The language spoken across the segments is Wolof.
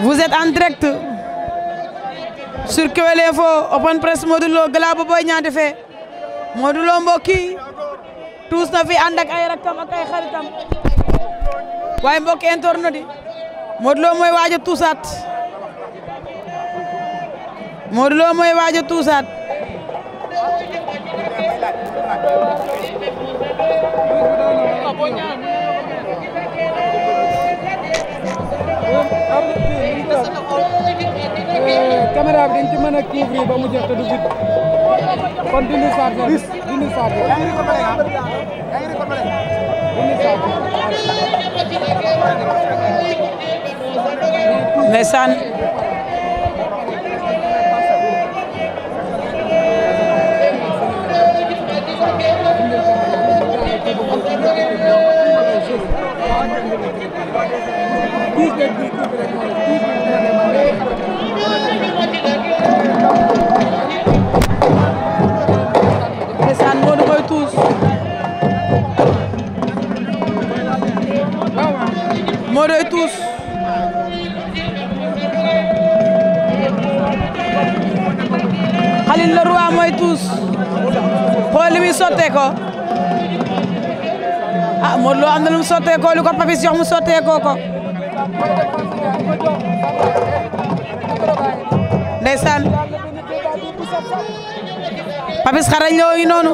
Vous êtes en direct sur Kewel Info Open Press Modou Lo gala ba Boy Niang defee Modou Lo mbokk yi tuus na fi ànd ak ay rakkam ak ay xaritam waaye mbokk internet di Modou Lo mooy waaj a tuusaat Modou Lo mooy waaj tuusaat Eh, caméra bi dañ ci mën a couvrir ba mu jeex te du gudd kon dindi chargeur bi dindi chargeur bi. yaa ngi récolté yaa ngi récolté. dindi chargeur bi. ndeysaan. Thank you. ndeysaan Modou mooy tuus Modou tuus Khalil le roi li ah Modou Lo am na lu mu sottee ko lu ko Papis jox mu sottee ko ndeysaan Papis xarañ noonu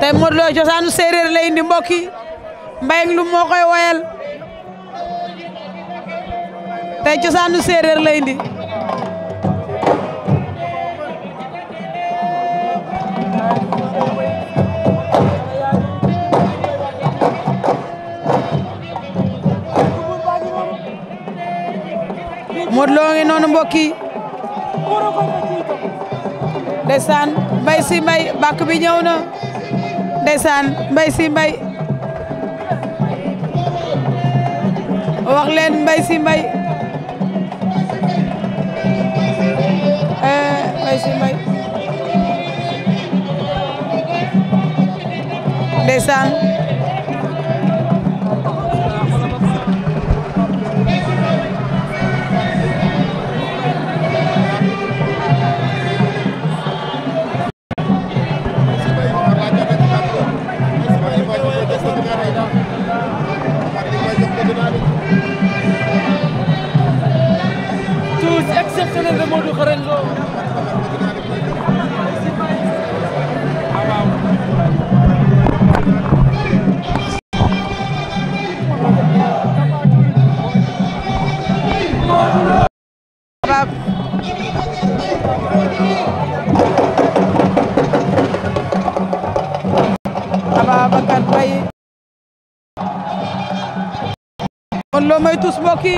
tey Modou Lo cosaanu séeréer la indi mbokk yi Mbayang Loum moo koy woyal tey cosaanu séeréer la indi Modou Lo ngi noonu mbokk yi ndeysaan mbay si bi ñëw na ndeysaan mbay si mbay wax leen mbay si mbay eh leneen de Modou xarañ lo kon loo may tus mbokk yi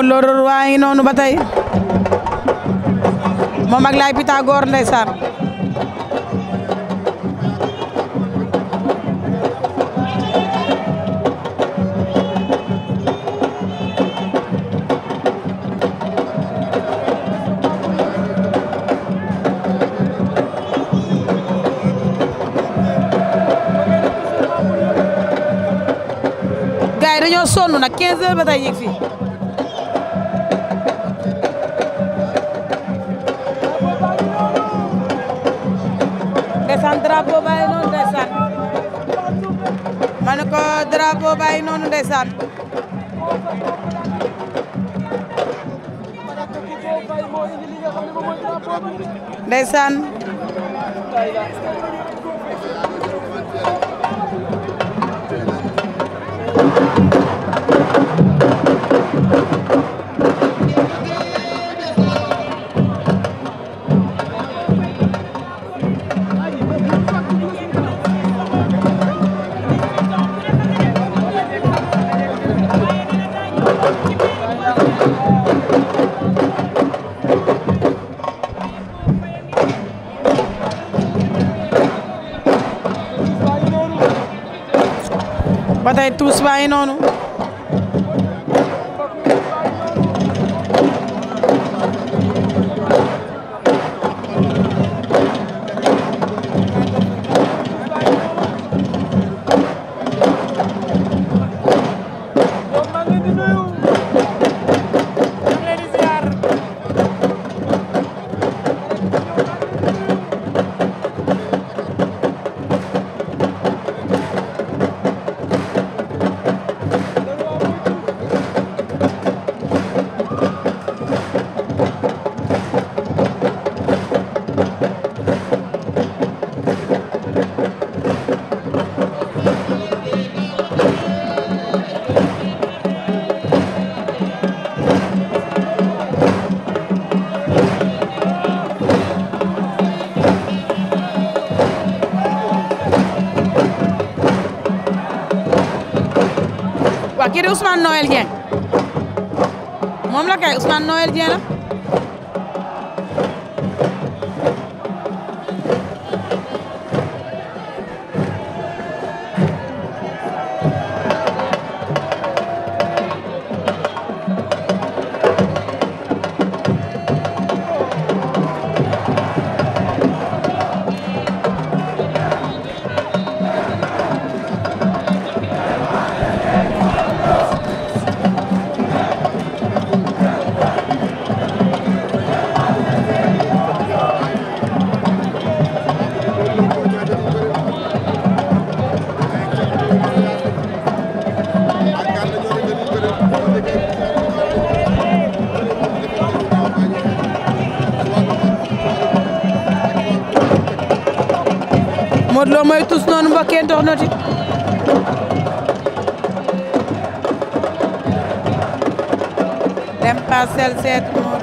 Modou Lo waa ngi noonu ba tey moom ak Laye Pythagore ndeysaan gaay dañoo drapeau bàyyi noonu ndeysaan ma ne ko drapeau bàyyi noonu ndeysaan ndeysaan ba tey tuus baa ngi noonu kii di Ousmane Noël Dieng moom la kay Ousmane Noël Dieng la. Modou Lo mooy tus noonu mbokkee ndox noti dem parcelle seet